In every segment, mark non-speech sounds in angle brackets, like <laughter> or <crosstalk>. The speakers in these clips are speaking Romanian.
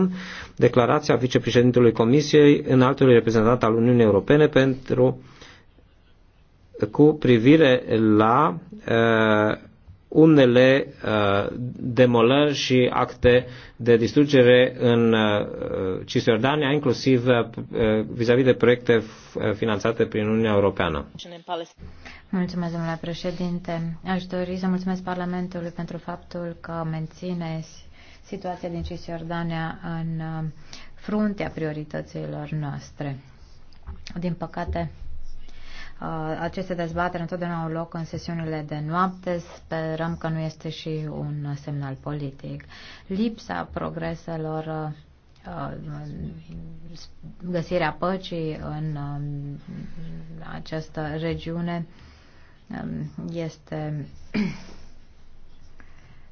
acum declarația vicepreședintelui Comisiei în altului reprezentant al Uniunii Europene pentru cu privire la uh, unele uh, demolări și acte de distrugere în uh, Cisjordania, inclusiv uh, vis-a-vis -vis de proiecte uh, finanțate prin Uniunea Europeană. Mulțumesc, domnule președinte. Aș dori să mulțumesc Parlamentului pentru faptul că mențineți situația din Cisjordania în uh, fruntea priorităților noastre. Din păcate, uh, aceste dezbateri întotdeauna au loc în sesiunile de noapte. Sperăm că nu este și un semnal politic. Lipsa progreselor uh, găsirea păcii în um, această regiune um, este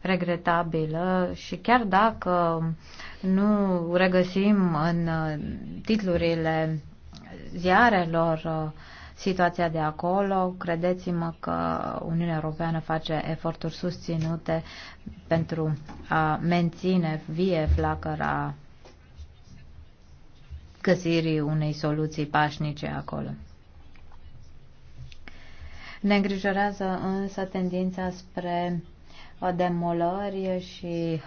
regretabilă și chiar dacă nu regăsim în uh, titlurile ziarelor uh, situația de acolo, credeți-mă că Uniunea Europeană face eforturi susținute pentru a menține vie flacăra găsirii unei soluții pașnice acolo. Ne îngrijorează însă tendința spre Uh, demolări și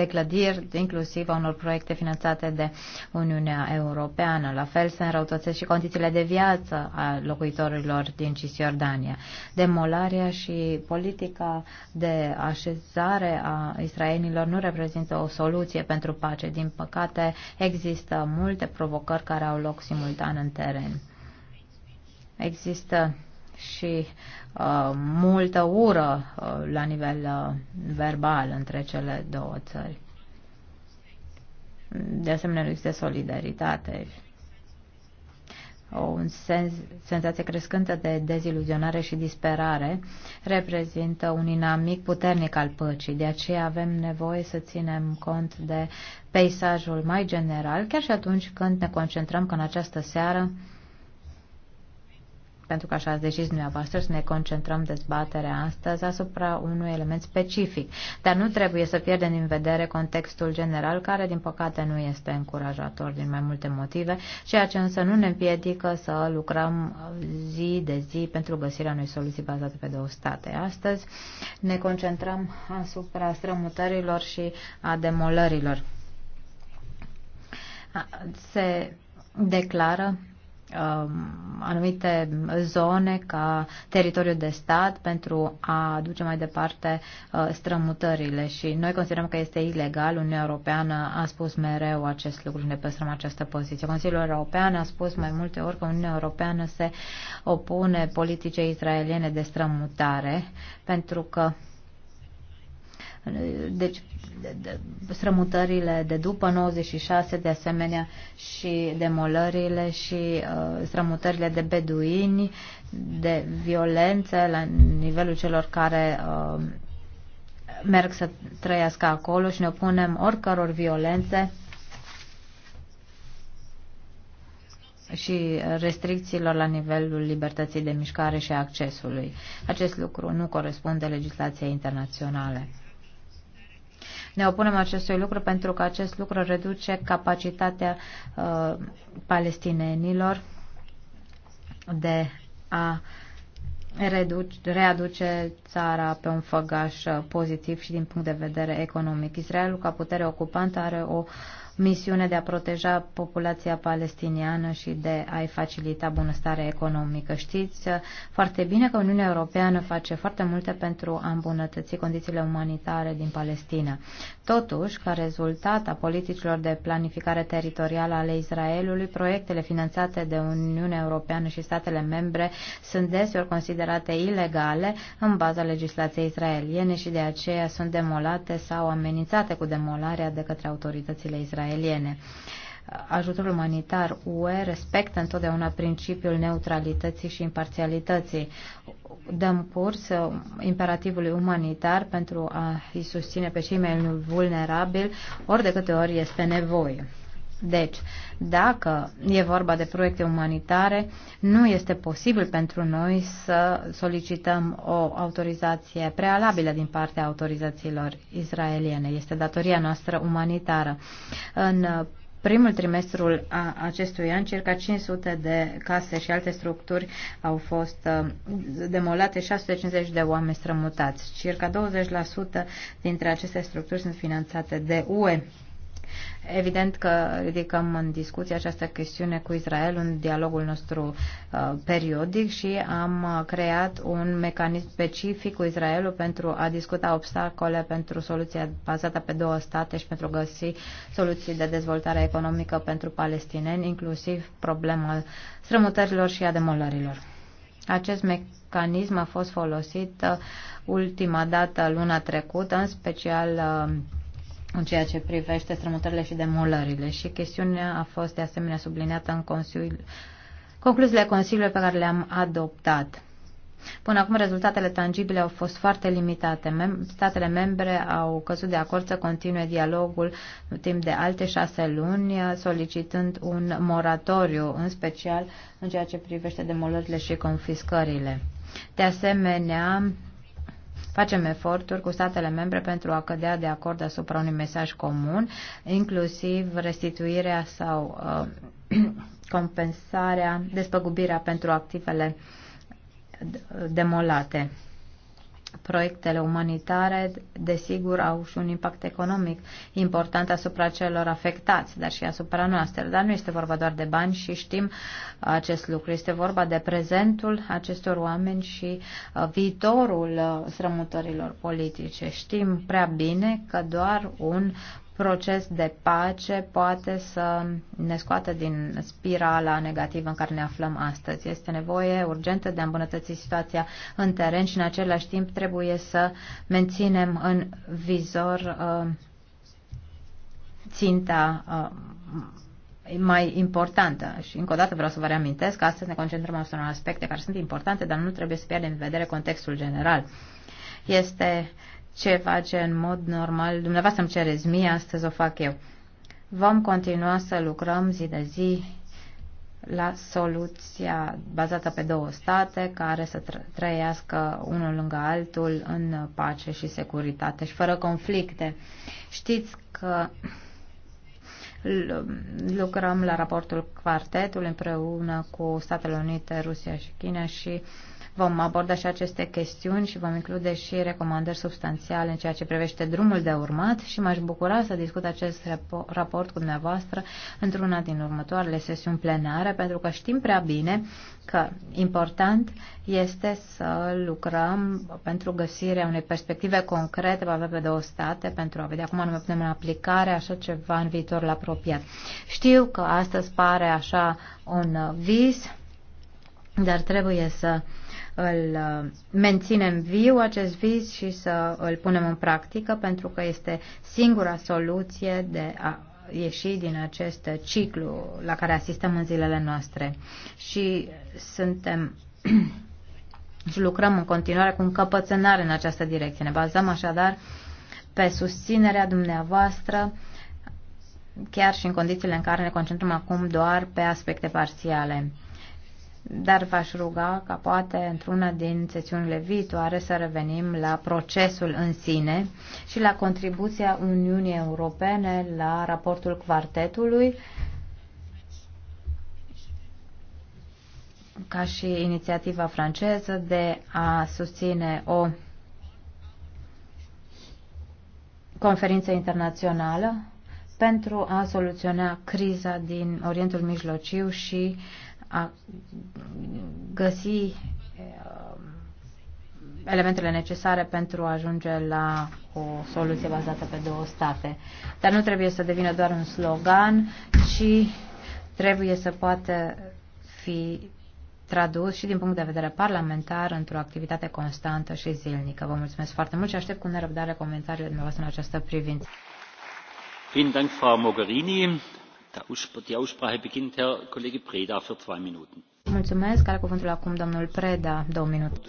uh, clădiri, inclusiv a unor proiecte finanțate de Uniunea Europeană. La fel se înrăutățesc și condițiile de viață a locuitorilor din Cisjordania. Demolarea și politica de așezare a israelilor nu reprezintă o soluție pentru pace. Din păcate, există multe provocări care au loc simultan în teren. Există și uh, multă ură uh, la nivel uh, verbal între cele două țări. De asemenea, există solidaritate. O sens, senzație crescântă de deziluzionare și disperare reprezintă un inamic puternic al păcii. De aceea avem nevoie să ținem cont de peisajul mai general, chiar și atunci când ne concentrăm că în această seară uh, pentru că așa ați decis dumneavoastră, să ne concentrăm dezbaterea astăzi asupra unui element specific. Dar nu trebuie să pierdem din vedere contextul general, care, din păcate, nu este încurajator din mai multe motive, ceea ce însă nu ne împiedică să lucrăm zi de zi pentru găsirea unei soluții bazate pe două state. Astăzi ne concentrăm asupra strămutărilor și a demolărilor. Se declară Um, anumite zone ca teritoriu de stat pentru a duce mai departe uh, strămutările și noi considerăm că este ilegal. Uniunea Europeană a spus mereu acest lucru ne păstrăm această poziție. Consiliul European a spus mai multe ori că Uniunea Europeană se opune politicei israeliene de strămutare pentru că deci, strămutările de după 96, de asemenea, și demolările și uh, strămutările de beduini, de violențe la nivelul celor care uh, merg să trăiască acolo și ne opunem oricăror violențe și restricțiilor la nivelul libertății de mișcare și accesului. Acest lucru nu corespunde legislației internaționale. Ne opunem acestui lucru pentru că acest lucru reduce capacitatea uh, palestinenilor de a readuce țara pe un făgaș pozitiv și din punct de vedere economic. Israelul, ca putere ocupantă, are o misiune de a proteja populația palestiniană și de a-i facilita bunăstarea economică. Știți uh, foarte bine că Uniunea Europeană face foarte multe pentru a îmbunătăți condițiile umanitare din Palestina. Totuși, ca rezultat a politicilor de planificare teritorială ale Israelului, proiectele finanțate de Uniunea Europeană și statele membre sunt deseori considerate ilegale în baza legislației israeliene și de aceea sunt demolate sau amenințate cu demolarea de către autoritățile israeliene israeliene. Ajutorul umanitar UE respectă întotdeauna principiul neutralității și imparțialității. Dăm curs uh, imperativului umanitar pentru a-i susține pe cei mai vulnerabili ori de câte ori este nevoie. Deci, dacă e vorba de proiecte umanitare, nu este posibil pentru noi să solicităm o autorizație prealabilă din partea autorizațiilor israeliene. Este datoria noastră umanitară. În primul trimestru a acestui an, circa 500 de case și alte structuri au fost uh, demolate, 650 de oameni strămutați. Circa 20% dintre aceste structuri sunt finanțate de UE. Evident că ridicăm în discuție această chestiune cu Israel în dialogul nostru uh, periodic și am uh, creat un mecanism specific cu Israelul pentru a discuta obstacole pentru soluția bazată pe două state și pentru a găsi soluții de dezvoltare economică pentru palestineni, inclusiv problema strămutărilor și a demolărilor. Acest mecanism a fost folosit uh, ultima dată luna trecută, în special uh, în ceea ce privește strămutările și demolările. Și chestiunea a fost de asemenea subliniată în Consiliul, concluziile Consiliului pe care le-am adoptat. Până acum rezultatele tangibile au fost foarte limitate. Mem- statele membre au căzut de acord să continue dialogul timp de alte șase luni, solicitând un moratoriu, în special în ceea ce privește demolările și confiscările. De asemenea, Facem eforturi cu statele membre pentru a cădea de acord asupra unui mesaj comun, inclusiv restituirea sau uh, <clears throat> compensarea, despăgubirea pentru activele demolate. Proiectele umanitare, desigur, au și un impact economic important asupra celor afectați, dar și asupra noastră. Dar nu este vorba doar de bani și știm acest lucru. Este vorba de prezentul acestor oameni și uh, viitorul uh, strămutărilor politice. Știm prea bine că doar un proces de pace poate să ne scoată din spirala negativă în care ne aflăm astăzi. Este nevoie urgentă de a îmbunătăți situația în teren și în același timp trebuie să menținem în vizor uh, ținta uh, mai importantă. Și încă o dată vreau să vă reamintesc că astăzi ne concentrăm asupra aspecte care sunt importante, dar nu trebuie să pierdem în vedere contextul general. Este ce face în mod normal. Dumneavoastră îmi cereți mie, astăzi o fac eu. Vom continua să lucrăm zi de zi la soluția bazată pe două state care să trăiască unul lângă altul în pace și securitate și fără conflicte. Știți că lucrăm la raportul quartetului împreună cu Statele Unite, Rusia și China și Vom aborda și aceste chestiuni și vom include și recomandări substanțiale în ceea ce privește drumul de urmat și m-aș bucura să discut acest raport cu dumneavoastră într-una din următoarele sesiuni plenare, pentru că știm prea bine că important este să lucrăm pentru găsirea unei perspective concrete, va avea pe două state, pentru a vedea cum anume putem în aplicare așa ceva în viitorul apropiat. Știu că astăzi pare așa un vis, dar trebuie să îl uh, menținem viu acest vis și să îl punem în practică pentru că este singura soluție de a ieși din acest ciclu la care asistăm în zilele noastre. Și suntem <clears throat> și lucrăm în continuare cu încăpățânare în această direcție. Ne bazăm așadar pe susținerea dumneavoastră chiar și în condițiile în care ne concentrăm acum doar pe aspecte parțiale dar v-aș ruga ca poate într-una din sesiunile viitoare să revenim la procesul în sine și la contribuția Uniunii Europene la raportul quartetului ca și inițiativa franceză de a susține o conferință internațională pentru a soluționa criza din Orientul Mijlociu și a găsi eh, elementele necesare pentru a ajunge la o soluție bazată pe două state. Dar nu trebuie să devină doar un slogan, ci trebuie să poată fi tradus și din punct de vedere parlamentar într-o activitate constantă și zilnică. Vă mulțumesc foarte mult și aștept cu nerăbdare comentariile dumneavoastră în această privință. Vielen Dank, Frau Mogherini. Da, mulțumesc. Are cuvântul acum domnul Preda, două minute.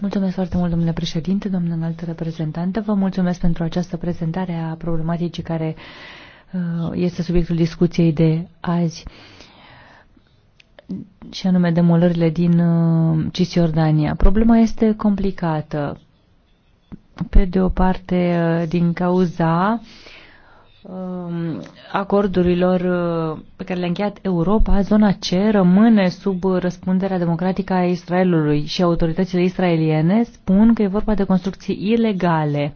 Mulțumesc foarte mult, domnule președinte, domnule înaltă reprezentant, Vă mulțumesc pentru această prezentare a problematicii care uh, este subiectul discuției de azi și anume demolările din uh, Cisjordania. Problema este complicată. Pe de o parte, uh, din cauza uh, Um, acordurilor uh, pe care le-a încheiat Europa, zona C rămâne sub răspunderea democratică a Israelului și autoritățile israeliene spun că e vorba de construcții ilegale.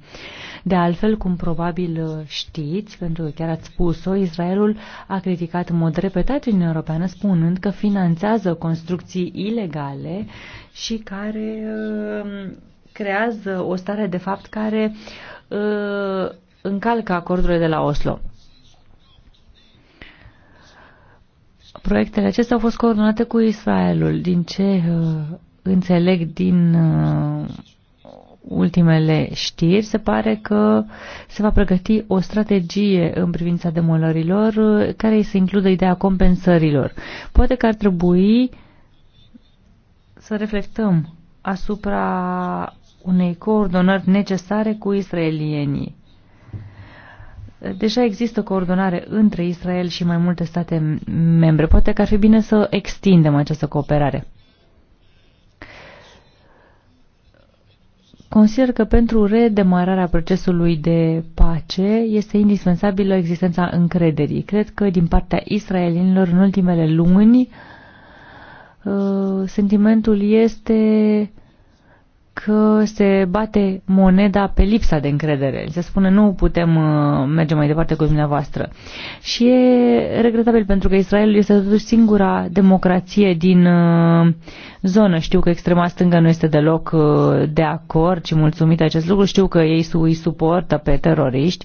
De altfel, cum probabil uh, știți, pentru că chiar ați spus-o, Israelul a criticat în mod repetat Uniunea Europeană spunând că finanțează construcții ilegale și care uh, creează o stare de fapt care încalcă acordurile de la Oslo. Proiectele acestea au fost coordonate cu Israelul. Din ce uh, înțeleg din uh, ultimele știri, se pare că se va pregăti o strategie în privința demolărilor uh, care să includă ideea compensărilor. Poate că ar trebui să reflectăm asupra unei coordonări necesare cu israelienii Deja există coordonare între Israel și mai multe state membre. Poate că ar fi bine să extindem această cooperare. Consider că pentru redemararea procesului de pace este indispensabilă existența încrederii. Cred că din partea israelienilor în ultimele luni uh, sentimentul este că se bate moneda pe lipsa de încredere. Se spune nu putem uh, merge mai departe cu dumneavoastră. Și e regretabil pentru că Israelul este totuși singura democrație din uh, zonă. Știu că extrema stângă nu este deloc uh, de acord și mulțumită acest lucru. Știu că ei îi suportă pe teroriști.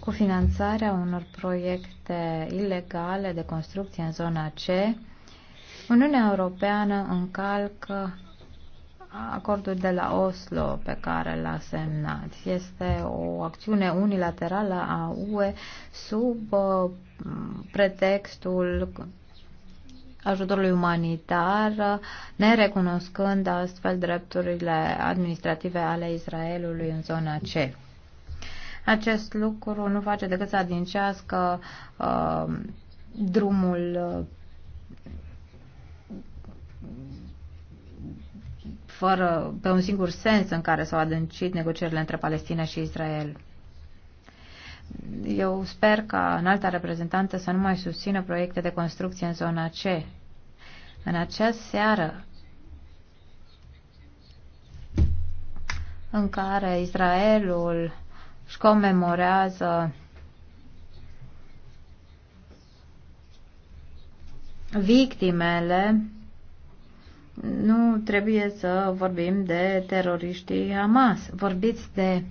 cu finanțarea unor proiecte ilegale de construcție în zona C, Uniunea Europeană încalcă acordul de la Oslo pe care l-a semnat. Este o acțiune unilaterală a UE sub uh, pretextul ajutorului umanitar, nerecunoscând astfel drepturile administrative ale Israelului în zona C. Acest lucru nu face decât să adâncească uh, drumul uh, fără, pe un singur sens în care s-au adâncit negocierile între Palestina și Israel. Eu sper ca alta reprezentantă să nu mai susțină proiecte de construcție în zona C. În această seară în care Israelul își comemorează victimele, nu trebuie să vorbim de teroriștii Hamas. Vorbiți de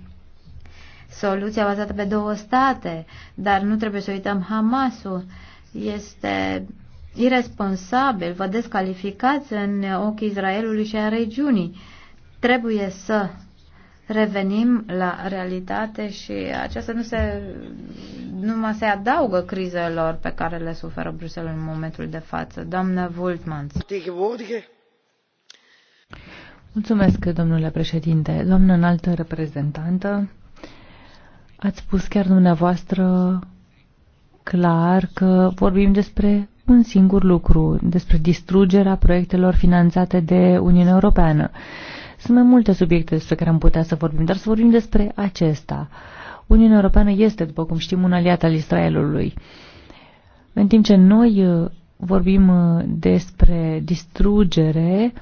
soluția bazată pe două state, dar nu trebuie să uităm Hamasul. Este irresponsabil, vă descalificați în ochii Israelului și a regiunii. Trebuie să revenim la realitate și aceasta nu se numai se adaugă crizelor pe care le suferă Bruxelles în momentul de față. Doamnă Vultmans. Mulțumesc, domnule președinte. Doamnă înaltă reprezentantă, ați spus chiar dumneavoastră clar că vorbim despre un singur lucru, despre distrugerea proiectelor finanțate de Uniunea Europeană. Sunt mai multe subiecte despre care am putea să vorbim, dar să vorbim despre acesta. Uniunea Europeană este, după cum știm, un aliat al Israelului. În timp ce noi uh, vorbim uh, despre distrugere,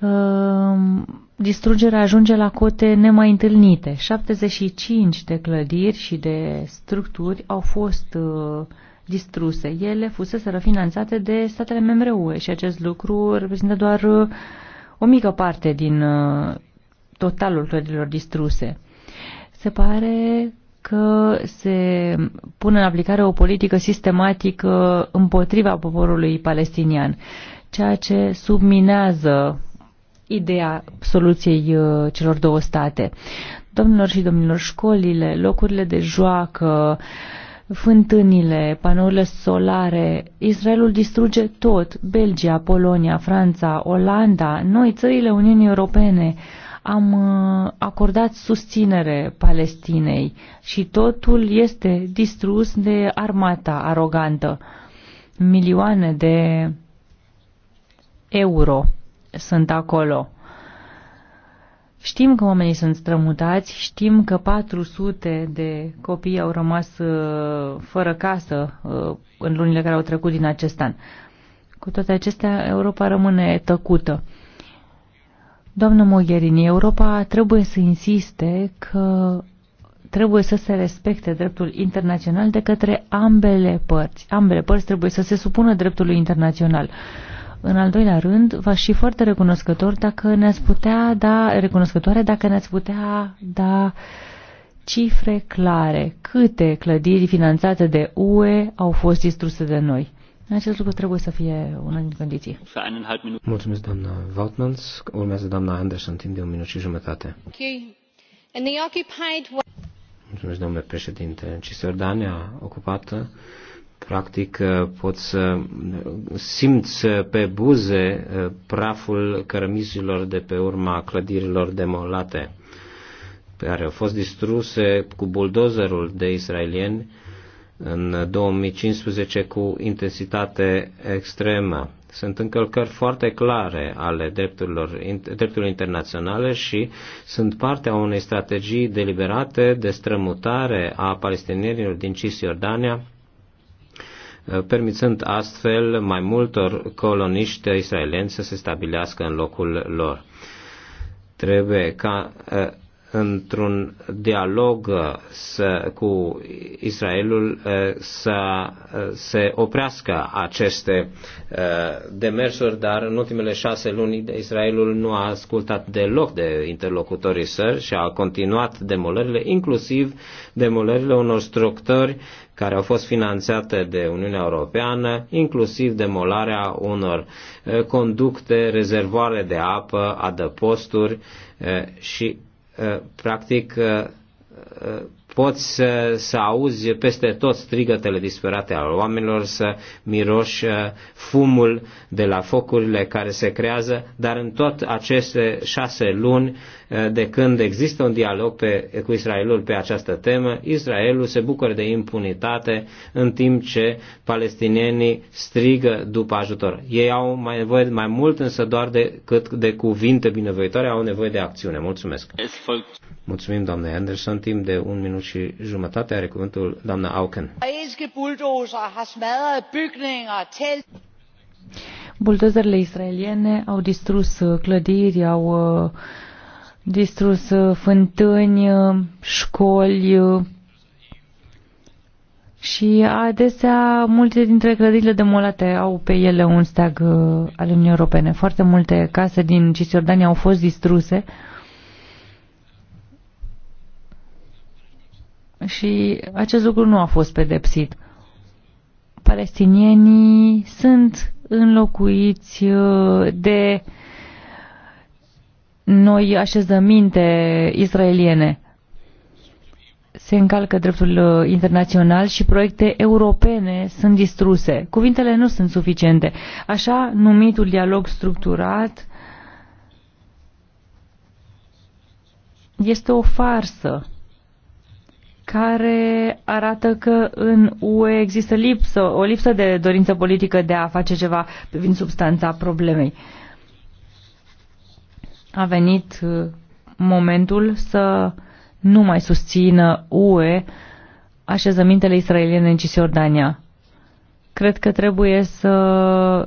uh, distrugerea ajunge la cote nemai întâlnite. 75 de clădiri și de structuri au fost distruse. Ele fuseseră finanțate de statele membre UE și acest lucru reprezintă doar o mică parte din uh, totalul clădirilor distruse. Se pare că se pune în aplicare o politică sistematică împotriva poporului palestinian, ceea ce subminează ideea soluției uh, celor două state. Domnilor și domnilor, școlile, locurile de joacă, fântânile, panourile solare. Israelul distruge tot. Belgia, Polonia, Franța, Olanda, noi, țările Uniunii Europene, am uh, acordat susținere Palestinei și totul este distrus de armata arogantă. Milioane de euro sunt acolo. Știm că oamenii sunt strămutați, știm că 400 de copii au rămas uh, fără casă uh, în lunile care au trecut din acest an. Cu toate acestea, Europa rămâne tăcută. Doamnă Mogherini, Europa trebuie să insiste că trebuie să se respecte dreptul internațional de către ambele părți. Ambele părți trebuie să se supună dreptului internațional. În al doilea rând, v-aș și foarte recunoscător dacă ne-ați putea da, recunoscătoare dacă ne-ați putea da cifre clare câte clădiri finanțate de UE au fost distruse de noi. Acest lucru trebuie să fie una din condiții. Mulțumesc, doamna Vautmans. Urmează doamna Anderson, timp de un minut și jumătate. Mulțumesc, domnule președinte. Cisjordania ocupată practic uh, pot să uh, simți pe buze uh, praful cărămizilor de pe urma clădirilor demolate, care au fost distruse cu buldozerul de israelieni în 2015 cu intensitate extremă. Sunt încălcări foarte clare ale drepturilor, drepturilor internaționale și sunt partea unei strategii deliberate de strămutare a palestinienilor din Cisjordania, Eh, permițând astfel mai multor coloniști israelieni să se stabilească în locul lor. Trebuie ca eh, într-un dialog uh, să, cu Israelul uh, să uh, se oprească aceste demersuri, dar în ultimele șase luni Israelul nu a ascultat deloc de interlocutorii săi și a continuat demolările, inclusiv demolările unor structuri care au fost finanțate de Uniunea Europeană, inclusiv demolarea unor conducte, rezervoare de apă, adăposturi și Eh, practic eh, eh, poți să auzi peste tot strigătele disperate ale oamenilor, să miroși fumul de la focurile care se creează, dar în tot aceste șase luni de când există un dialog pe, cu Israelul pe această temă, Israelul se bucură de impunitate în timp ce palestinienii strigă după ajutor. Ei au mai nevoie mai mult, însă doar decât de cuvinte binevoitoare, au nevoie de acțiune. Mulțumesc! Mulțumim, doamne Anderson. Timp de un minut și jumătate are cuvântul doamna Auken. Buldozerele israeliene au distrus clădiri, au uh, distrus uh, fântâni, uh, școli uh, și adesea multe dintre clădirile demolate au pe ele un steag al Uniunii Europene. Foarte multe case din Cisjordania au fost distruse și acest lucru nu a fost pedepsit. Palestinienii sunt înlocuiți de uh, noi așezăminte israeliene. Se încalcă dreptul uh, internațional și proiecte europene sunt distruse. Cuvintele nu sunt suficiente. Așa numitul dialog structurat este o farsă care arată că în UE există lipsă, o lipsă de dorință politică de a face ceva privind substanța problemei. Uh, a venit uh, momentul să nu mai susțină UE așezămintele israeliene în Cisjordania. Cred că trebuie să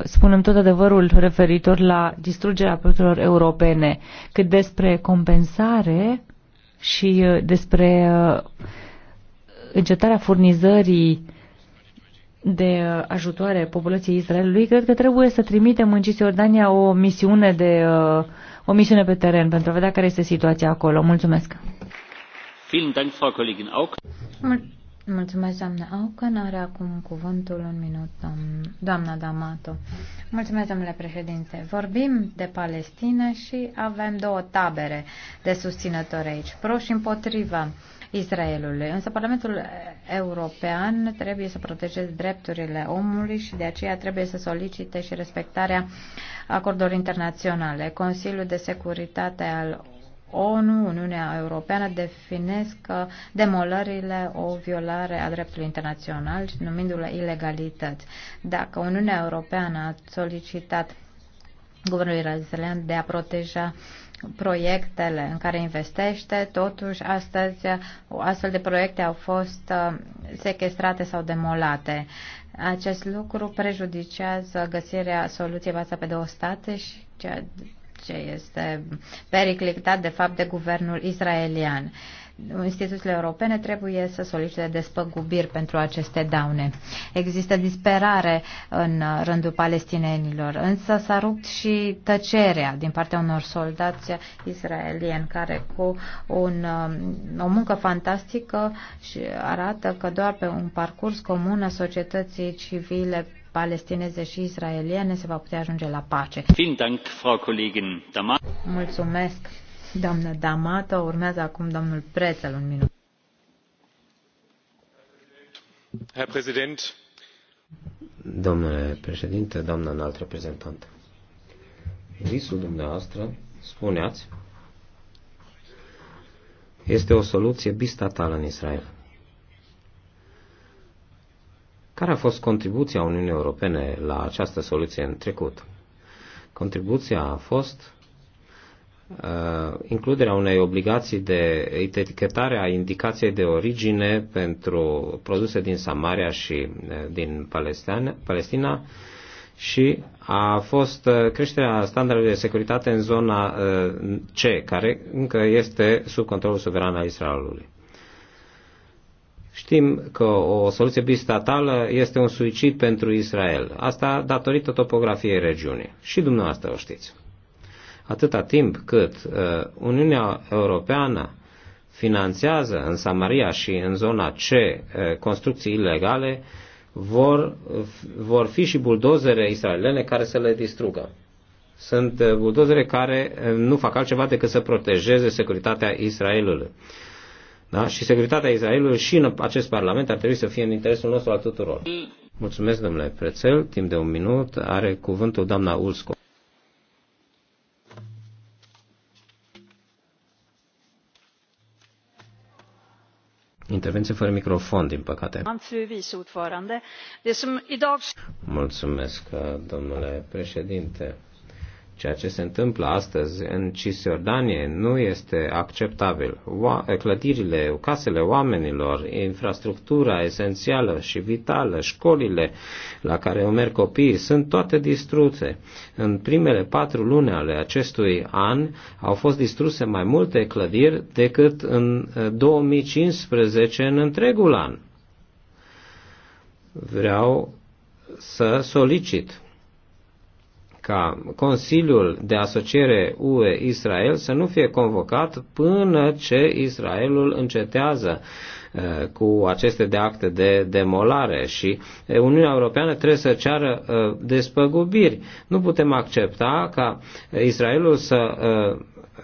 spunem tot adevărul referitor la distrugerea proiectelor europene, cât despre compensare și uh, despre uh, încetarea furnizării de ajutoare populației Israelului, cred că trebuie să trimitem în Cisjordania o misiune de uh, o misiune pe teren pentru a vedea care este situația acolo. Mulțumesc! Mulțumesc, doamna Aucan. Are acum cuvântul un minut, doamna D'Amato. Mulțumesc, domnule președinte. Vorbim de Palestina și avem două tabere de susținători aici, pro și împotriva Israelului. Însă Parlamentul European trebuie să protejeze drepturile omului și de aceea trebuie să solicite și respectarea acordurilor internaționale. Consiliul de Securitate al ONU, Uniunea Europeană, definesc demolările o violare a dreptului internațional, numindu-le ilegalități. Dacă Uniunea Europeană a solicitat guvernului israelian de a proteja proiectele în care investește. Totuși, astăzi, astfel de proiecte au fost uh, sequestrate sau demolate. Acest lucru prejudicează găsirea soluției bazată pe două state și ceea ce este periclitat, de fapt, de guvernul israelian instituțiile europene trebuie să solicite despăgubiri pentru aceste daune. Există disperare în rândul palestinienilor, însă s-a rupt și tăcerea din partea unor soldați israelieni care cu un, um, o muncă fantastică și arată că doar pe un parcurs comun a societății civile palestineze și israeliene se va putea ajunge la pace. Mulțumesc! Doamna Damato, urmează acum domnul Prețel un minut. Herr Präsident. Domnule președinte, doamnă înalt reprezentant, visul dumneavoastră, spuneați, este o soluție bistatală în Israel. Care a fost contribuția Uniunii Europene la această soluție în trecut? Contribuția a fost Uh, includerea unei obligații de etichetare a indicației de origine pentru produse din Samaria și uh, din Palestina și a fost uh, creșterea standardelor de securitate în zona C, care încă este sub controlul suveran al Israelului. Știm că o soluție bistatală este un suicid pentru Israel. Asta datorită topografiei regiunii. Și dumneavoastră o știți. Atâta timp cât uh, Uniunea Europeană finanțează în Samaria și în zona C uh, construcții ilegale, vor, vor fi și buldozere israelene care să le distrugă. Sunt uh, buldozere care nu fac altceva decât să protejeze securitatea Israelului. Da? Și securitatea Israelului și în acest Parlament ar trebui să fie în interesul nostru al tuturor. Mulțumesc, domnule Prețel. Timp de un minut are cuvântul doamna Ulsco. Intervenție fără microfon, din păcate. Am deci, Mulțumesc, domnule președinte. Ceea ce se întâmplă astăzi în Cisjordanie nu este acceptabil. Clădirile, casele oamenilor, infrastructura esențială și vitală, școlile la care o merg copiii, sunt toate distruse. În primele patru luni ale acestui an au fost distruse mai multe clădiri decât în 2015 eh, în întregul an. Vreau să solicit ca Consiliul de Asociere UE-Israel să nu fie convocat până ce Israelul încetează eh, cu aceste de acte de demolare și eh, Uniunea Europeană trebuie să ceară eh, despăgubiri. Nu putem accepta ca Israelul să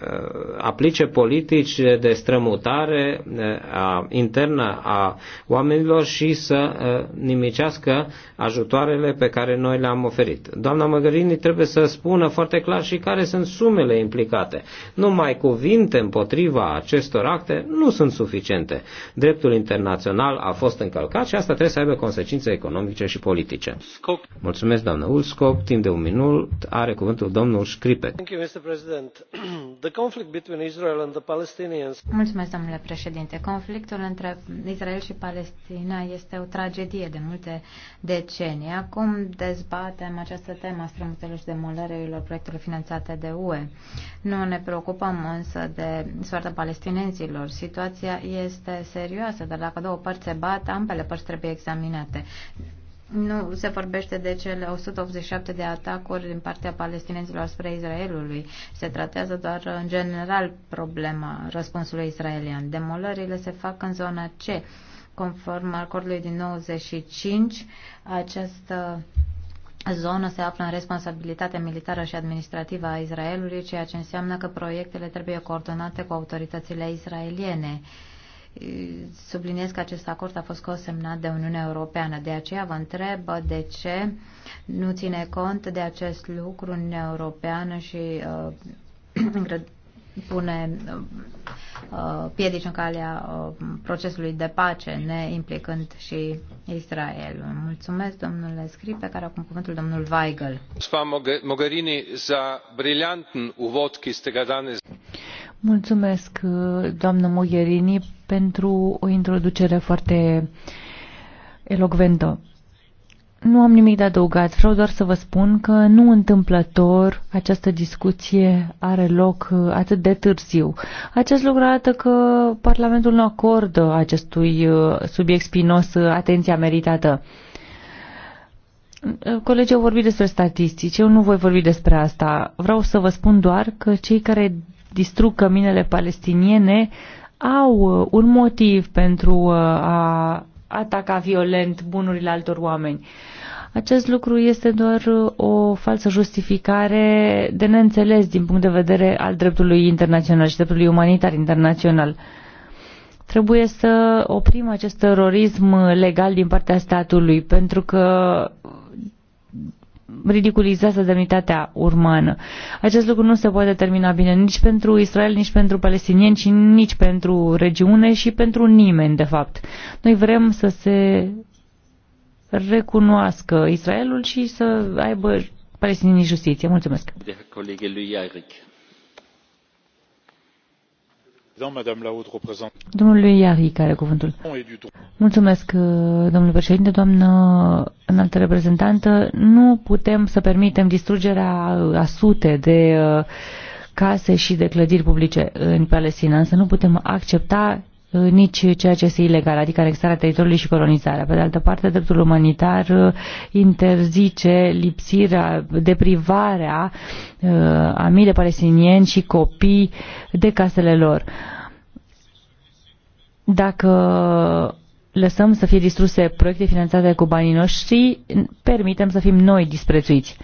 Uh, aplice politici de strămutare uh, a, internă a oamenilor și să uh, nimicească ajutoarele pe care noi le-am oferit. Doamna Măgărini trebuie să spună foarte clar și care sunt sumele implicate. Numai cuvinte împotriva acestor acte nu sunt suficiente. Dreptul internațional a fost încălcat și asta trebuie să aibă consecințe economice și politice. Scop. Mulțumesc, doamnă Ulscop. Timp de un minut are cuvântul domnul Scripec. Thank you, Mr. President. <clears throat> Mulțumesc, domnule președinte. Conflictul între Israel și Palestina este o tragedie de multe decenii. Acum dezbatem această temă a strămutelor și demolărilor proiectelor finanțate de UE. Nu ne preocupăm însă de soarta palestinenților. Situația este serioasă, dar dacă două părți se bat, ambele părți trebuie examinate. Nu se vorbește de cele 187 de atacuri din partea palestinenților spre Israelului. Se tratează doar în general problema răspunsului israelian. Demolările se fac în zona C. Conform acordului din 95, această zonă se află în responsabilitatea militară și administrativă a Israelului, ceea ce înseamnă că proiectele trebuie coordonate cu autoritățile israeliene. Uh, subliniez că acest acord a fost cosemnat de Uniunea Europeană. De aceea vă întreb de ce nu ține cont de acest lucru Uniunea Europeană și uh, <clears throat> pune uh, uh, piedici în calea uh, procesului de pace, neimplicând și Israel. Mulțumesc, domnule Scripe, care acum cuvântul domnul Weigel. Mogherini, za briljantan uvod, ki ste ga danes... Mulțumesc, doamnă Mogherini, pentru o introducere foarte elocventă. Nu am nimic de adăugat, vreau doar să vă spun că nu întâmplător această discuție are loc uh, atât de târziu. Acest lucru arată că Parlamentul nu acordă acestui uh, subiect spinos uh, atenția meritată. Colegii au vorbit despre statistici, eu nu voi vorbi despre asta. Vreau să vă spun doar că cei care distrug căminele palestiniene au uh, un motiv pentru uh, a ataca violent bunurile altor oameni. Acest lucru este doar uh, o falsă justificare de neînțeles din punct de vedere al dreptului internațional și dreptului umanitar internațional. Trebuie să oprim acest terorism legal din partea statului, pentru că ridiculizează demnitatea urmană. Acest lucru nu se poate termina bine nici pentru Israel, nici pentru palestinieni și nici pentru regiune și pentru nimeni, de fapt. Noi vrem să se recunoască Israelul și să aibă palestinienii justiție. Mulțumesc! Domnului care cuvântul. Mulțumesc, uh, domnule președinte, doamnă înaltă reprezentantă. Nu putem să permitem distrugerea a sute de uh, case și de clădiri publice în Palestina, însă nu putem accepta Uh, nici ceea ce este ilegal, adică anexarea teritoriului și colonizarea. Pe de altă parte, dreptul umanitar uh, interzice lipsirea, deprivarea uh, a mii de palestinieni și copii de casele lor. Dacă lăsăm să fie distruse proiecte finanțate cu banii noștri, permitem să fim noi disprețuiți.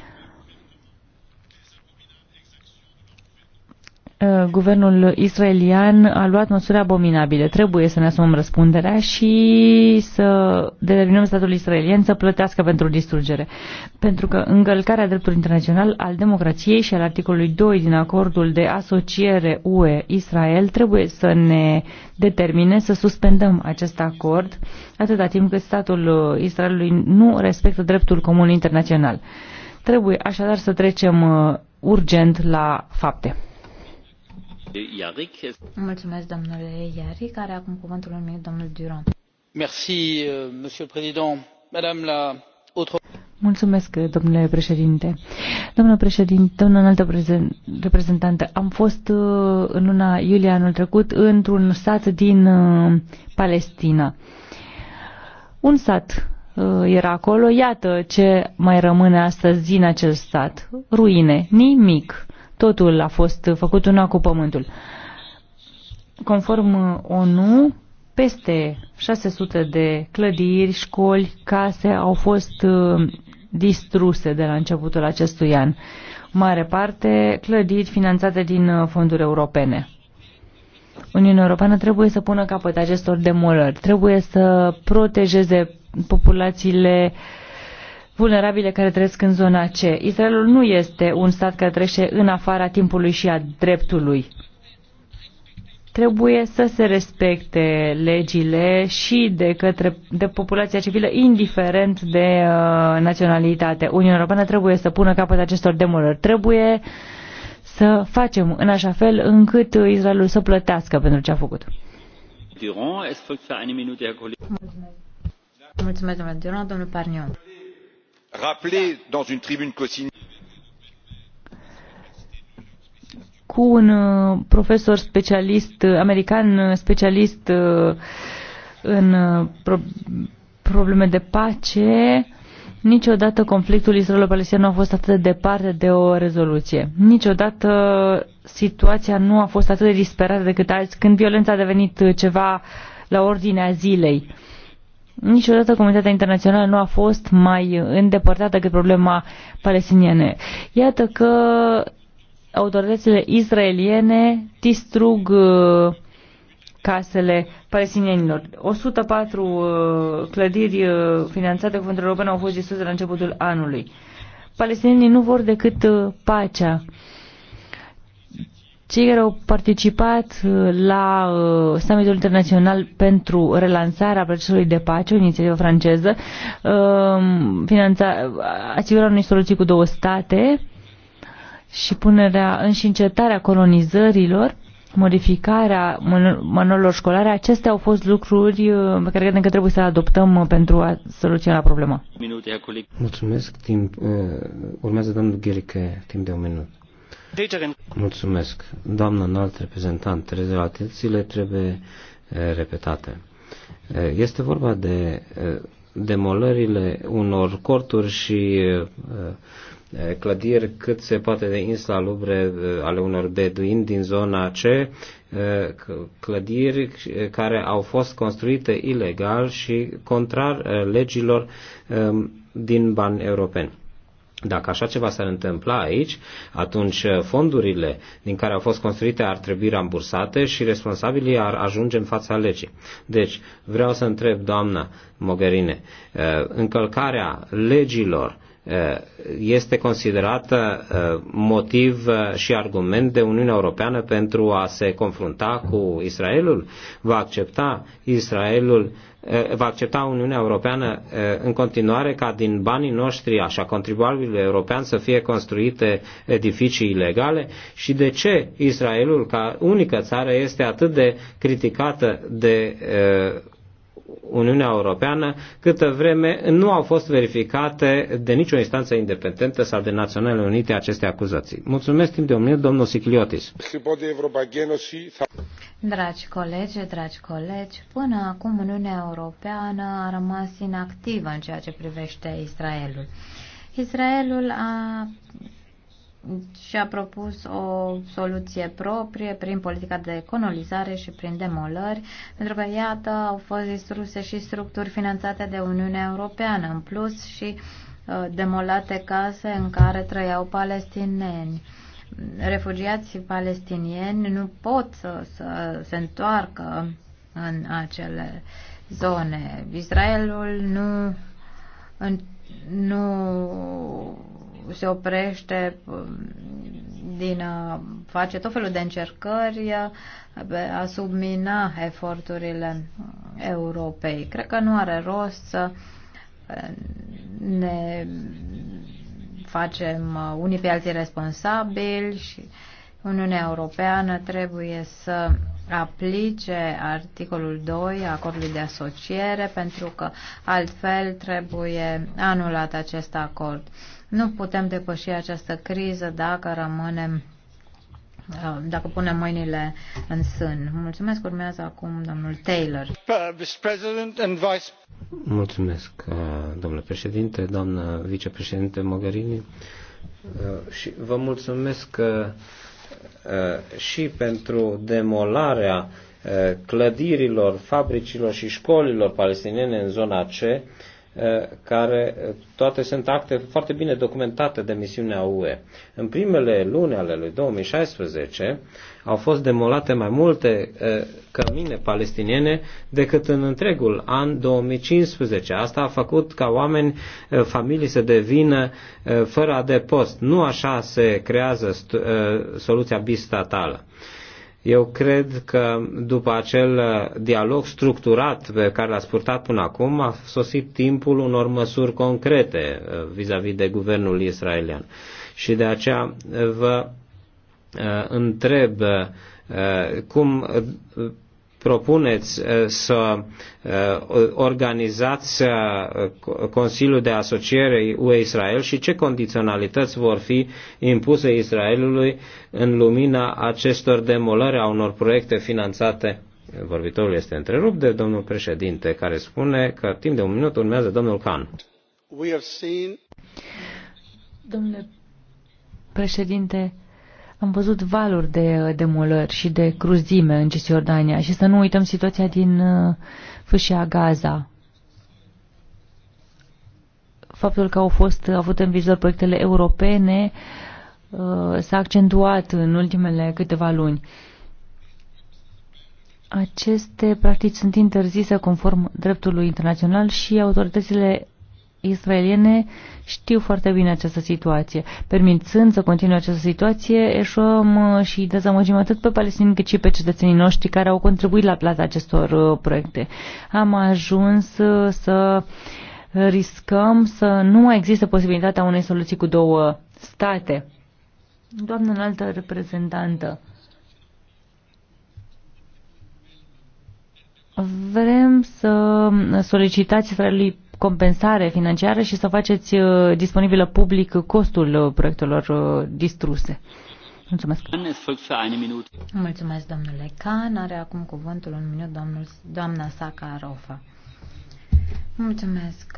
Uh, guvernul israelian a luat măsuri abominabile. Trebuie să ne asumăm răspunderea și să determinăm statul israelian să plătească pentru distrugere. Pentru că încălcarea dreptului internațional al democrației și al articolului 2 din acordul de asociere UE-Israel trebuie să ne determine să suspendăm acest acord atâta timp cât statul Israelului nu respectă dreptul comun internațional. Trebuie așadar să trecem uh, urgent la fapte. Mulțumesc, domnule Iari, care acum cuvântul în domnul Duron. Merci, euh, monsieur le président. Madame la Mulțumesc, domnule președinte. Domnule președinte, doamna înaltă reprezentantă, am fost uh, în luna iulie anul trecut într-un sat din uh, Palestina. Un sat uh, era acolo, iată ce mai rămâne astăzi din acel sat. Ruine, nimic. Totul a fost făcut una cu pământul. Conform uh, ONU, peste 600 de clădiri, școli, case au fost uh, distruse de la începutul acestui an. Mare parte clădiri finanțate din uh, fonduri europene. Uniunea Europeană trebuie să pună capăt acestor demolări, trebuie să protejeze populațiile uh, vulnerabile care trăiesc în zona C. Israelul nu este un stat care trăiește în afara timpului și a dreptului. Trebuie să se respecte legile și de către de populația civilă, indiferent de uh, naționalitate. Uniunea Europeană trebuie să pună capăt acestor demolări. Trebuie să facem în așa fel încât Israelul să plătească pentru ce a făcut. Mulțumesc, domnule Durand, domnul Parnion rappelé dans une tribune cosignée cu un uh, profesor specialist uh, american, uh, specialist în probleme de pace. Niciodată conflictul israelo-palestinian nu a fost atât de departe de o rezoluție. Niciodată situația nu a fost atât de disperată decât azi, când violența a devenit ceva la ordinea zilei. Niciodată comunitatea internațională nu a fost mai îndepărtată decât problema palestiniene. Iată că autoritățile israeliene distrug uh, casele palestinienilor. 104 uh, clădiri uh, finanțate cu fonduri europene au fost distruse la începutul anului. Palestinienii nu vor decât pacea. Cei care au participat uh, la uh, summitul internațional pentru relansarea procesului de pace, o inițiativă franceză, um, finanța, asigurarea unei soluții cu două state și punerea în și încetarea colonizărilor, modificarea manualelor școlare, acestea au fost lucruri uh, pe care credem că trebuie să le adoptăm pentru a soluționa problema. Mulțumesc. Timp, urmează domnul Gherică, timp de un minut. Mulțumesc. Doamnă înalt reprezentant, atențiile trebuie repetate. Este vorba de demolările unor corturi și clădiri cât se poate de insalubre ale unor beduini din zona C, clădiri care au fost construite ilegal și contrar legilor din bani europeni. Dacă așa ceva s-ar întâmpla aici, atunci uh, fondurile din care au fost construite ar trebui rambursate și responsabilii ar ajunge în fața legii. Deci, vreau să întreb, doamna Mogherine, uh, încălcarea legilor uh, este considerată motiv și argument de Uniunea Europeană pentru a se confrunta cu Israelul? Va accepta Israelul Eh, va accepta Uniunea Europeană eh, în continuare ca din banii noștri, așa, contribuabilul european să fie construite edificii ilegale și de ce Israelul, ca unică țară, este atât de criticată de eh, Uniunea Europeană, câtă vreme nu au fost verificate de nicio instanță independentă sau de naționale Unite aceste acuzații. Mulțumesc timp de un minut, domnul Sicliotis. Dragi colegi, dragi colegi, până acum Uniunea Europeană a rămas inactivă în ceea ce privește Israelul. Israelul a și-a propus o soluție proprie prin politica de colonizare și prin demolări, pentru că, iată, au fost distruse și structuri finanțate de Uniunea Europeană, în plus și uh, demolate case în care trăiau palestinieni. Refugiații palestinieni nu pot să, să se întoarcă în acele zone. Israelul nu, în, nu se oprește mm, din a uh, face tot felul de încercări uh, a submina eforturile Europei. Cred că nu are rost să uh, ne facem unii pe alții responsabili și Uniunea Europeană trebuie să aplice articolul 2 a acordului de asociere pentru că altfel trebuie anulat acest acord. Nu putem depăși această criză dacă rămânem uh, dacă punem mâinile în sân. Mulțumesc. Urmează acum domnul Taylor. Uh, mulțumesc, uh, domnule președinte, doamnă vicepreședinte Mogherini. Și vă mulțumesc și pentru demolarea clădirilor, fabricilor și școlilor palestiniene în zona C, Eh, care eh, toate sunt acte foarte bine documentate de misiunea UE. În primele luni ale lui 2016 au fost demolate mai multe eh, cămine palestiniene decât în întregul an 2015. Asta a făcut ca oameni, familii să devină fără adăpost. Nu așa se creează soluția bistatală. Eu cred că după acel uh, dialog structurat pe care l-ați purtat până acum, a sosit timpul unor măsuri concrete uh, vis-a-vis -vis de guvernul israelian. Și de aceea uh, vă întreb cum propuneți uh, să uh, organizați uh, Consiliul de Asociere UE-Israel și ce condiționalități vor fi impuse Israelului în lumina acestor demolări a unor proiecte finanțate Vorbitorul este întrerupt de domnul președinte, care spune că timp de un minut urmează domnul Khan. Seen... Domnule președinte, am văzut valuri de uh, demolări și de cruzime în Cisjordania și să nu uităm situația din uh, fâșia Gaza. Faptul că au fost avute în vizor proiectele europene uh, s-a accentuat în ultimele câteva luni. Aceste practici sunt interzise conform dreptului internațional și autoritățile israeliene știu foarte bine această situație. Permițând să continue această situație, eșuăm uh, și dezamăgim atât pe palestinieni cât și pe cetățenii noștri care au contribuit la plata acestor uh, proiecte. Am ajuns uh, să riscăm să nu mai există posibilitatea unei soluții cu două state. Doamnă înaltă reprezentantă, vrem să solicitați Israelului compensare financiară și să faceți uh, disponibilă public costul uh, proiectelor uh, distruse. Mulțumesc. Mulțumesc, domnule Can. Are acum cuvântul un minut domnul, doamna Sakarova. Mulțumesc,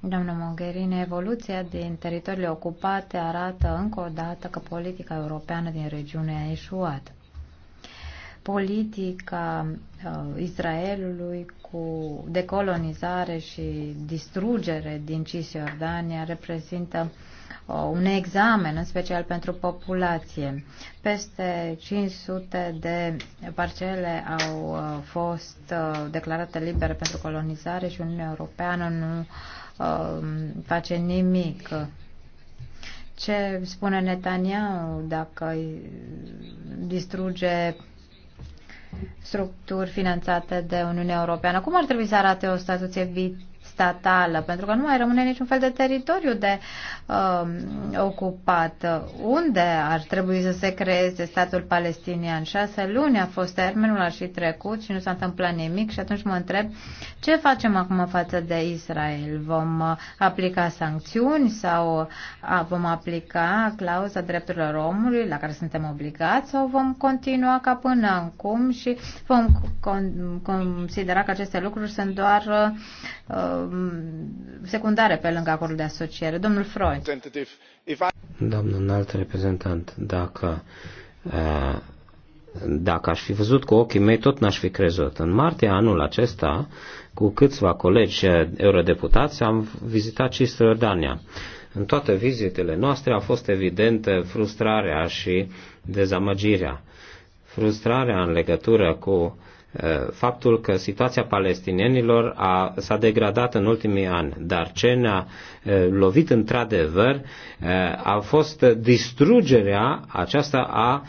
Doamna Mogherini. Evoluția din teritoriile ocupate arată încă o dată că politica europeană din regiune a eșuat politica uh, Israelului cu decolonizare și distrugere din Cisjordania reprezintă uh, un examen, în special pentru populație. Peste 500 de parcele au uh, fost uh, declarate libere pentru colonizare și Uniunea Europeană nu face nimic. Ce spune Netanyahu dacă distruge structuri finanțate de Uniunea Europeană. Cum ar trebui să arate o statuție viitoare? statală, pentru că nu mai rămâne niciun fel de teritoriu de uh, ocupat. Unde ar trebui să se creeze statul palestinian? Șase luni a fost termenul, ar fi trecut și nu s-a întâmplat nimic și atunci mă întreb ce facem acum față de Israel? Vom uh, aplica sancțiuni sau uh, vom aplica clauza drepturilor omului la care suntem obligați sau vom continua ca până acum și vom con- considera că aceste lucruri sunt doar uh, Mm, secundare pe lângă acordul de asociere. Domnul Freud. Domnul înalt reprezentant, dacă uh, dacă aș fi văzut cu ochii mei, tot n-aș fi crezut. În martie anul acesta, cu câțiva colegi uh, eurodeputați, am vizitat Cisjordania. În toate vizitele noastre a fost evidentă frustrarea și dezamăgirea. Frustrarea în legătură cu Eh, faptul că situația palestinienilor a, s-a degradat în ultimii ani, dar ce ne-a eh, lovit într-adevăr eh, a fost distrugerea aceasta a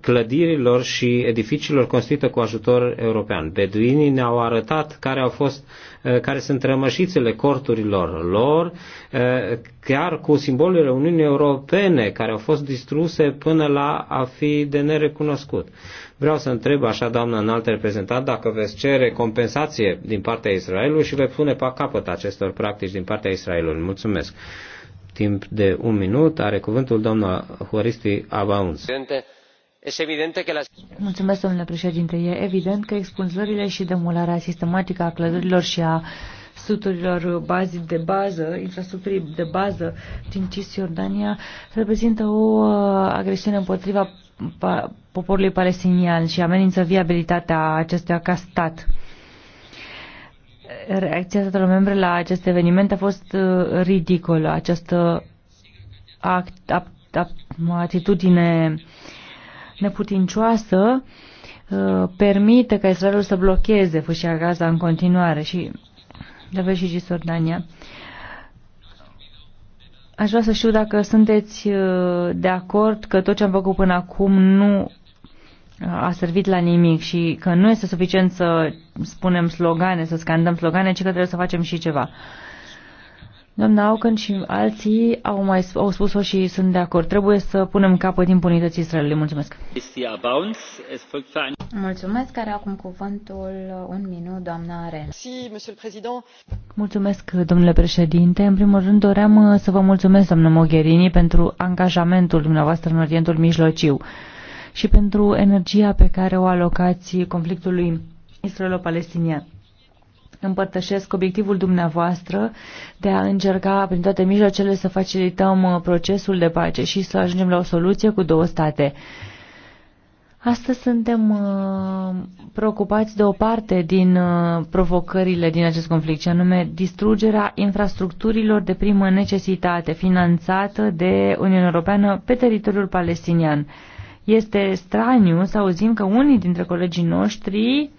clădirilor și edificiilor construite cu ajutor european. Beduinii ne-au arătat care au fost care sunt rămășițele corturilor lor, chiar cu simbolurile Uniunii Europene, care au fost distruse până la a fi de nerecunoscut. Vreau să întreb așa, doamnă înalt reprezentant, dacă veți cere compensație din partea Israelului și veți pune pe capăt acestor practici din partea Israelului. Mulțumesc. Timp de un minut are cuvântul doamna Horisti Abaunz. Mulțumesc, domnule președinte. E evident că expulzările și demolarea sistematică a clădirilor și a suturilor bazii de bază, infrastructurii de bază din Cisjordania, reprezintă o uh, agresiune împotriva poporului palestinian și amenință viabilitatea acestuia ca stat. Reacția statelor membre la acest eveniment a fost uh, ridicolă. Această act, act, act, atitudine neputincioasă uh, permite ca Israelul să blocheze fâșia Gaza în continuare și de și Cisjordania. Aș vrea să știu dacă sunteți uh, de acord că tot ce am făcut până acum nu uh, a servit la nimic și că nu este suficient să spunem slogane, să scandăm slogane, ci că trebuie să facem și ceva. Uh, Doamna Auken și alții au mai au spus-o și sunt de acord. Trebuie să punem capăt impunității Israelului. Mulțumesc. Mulțumesc. Care acum cuvântul un minut, doamna Aren. Mulțumesc, domnule președinte. În primul rând doream uh, să vă mulțumesc, doamnă Mogherini, pentru angajamentul dumneavoastră în Orientul Mijlociu și pentru energia pe care o alocați conflictului israelo-palestinian împărtășesc obiectivul dumneavoastră de a încerca prin toate mijloacele să facilităm uh, procesul de pace și să ajungem la o soluție cu două state. Astăzi suntem uh, preocupați de o parte din uh, provocările din acest conflict, și anume distrugerea infrastructurilor de primă necesitate finanțată de Uniunea Europeană pe teritoriul palestinian. Este straniu să auzim că unii dintre colegii noștri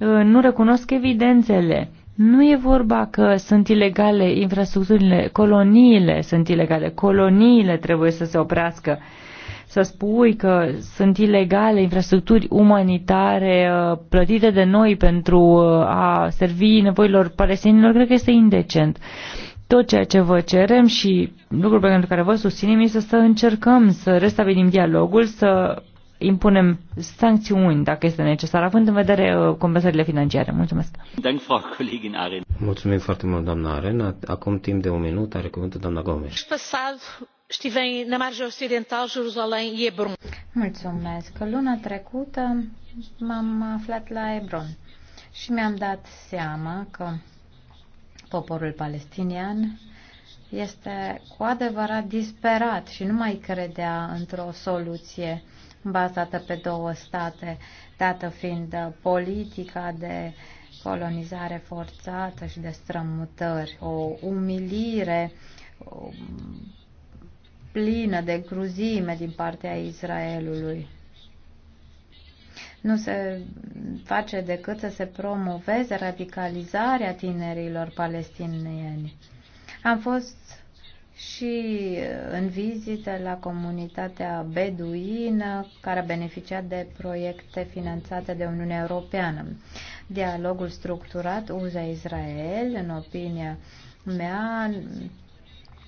Uh, nu recunosc evidențele. Nu e vorba că sunt ilegale infrastructurile, coloniile sunt ilegale, coloniile trebuie să se oprească. Să spui că sunt ilegale infrastructuri umanitare uh, plătite de noi pentru uh, a servi nevoilor palestinilor, cred că este indecent. Tot ceea ce vă cerem și lucrul pentru care vă susținem este să încercăm să restabilim dialogul, să impunem sancțiuni dacă este necesar, având în vedere uh, compensările financiare. Mulțumesc. Mulțumim foarte mult, doamna Arena. Acum timp de un minut are cuvântul doamna Gomes. Mulțumesc. Luna trecută m-am aflat la Ebron și mi-am dat seama că poporul palestinian este cu adevărat disperat și nu mai credea într-o soluție bazată pe două state, dată fiind uh, politica de colonizare forțată și de strămutări, o umilire plină de cruzime din partea Israelului. Nu se face decât să se promoveze radicalizarea tinerilor palestinieni. Am fost și uh, în vizită la comunitatea beduină care a beneficiat de proiecte finanțate de Uniunea Europeană. Dialogul structurat uza israel în opinia mea,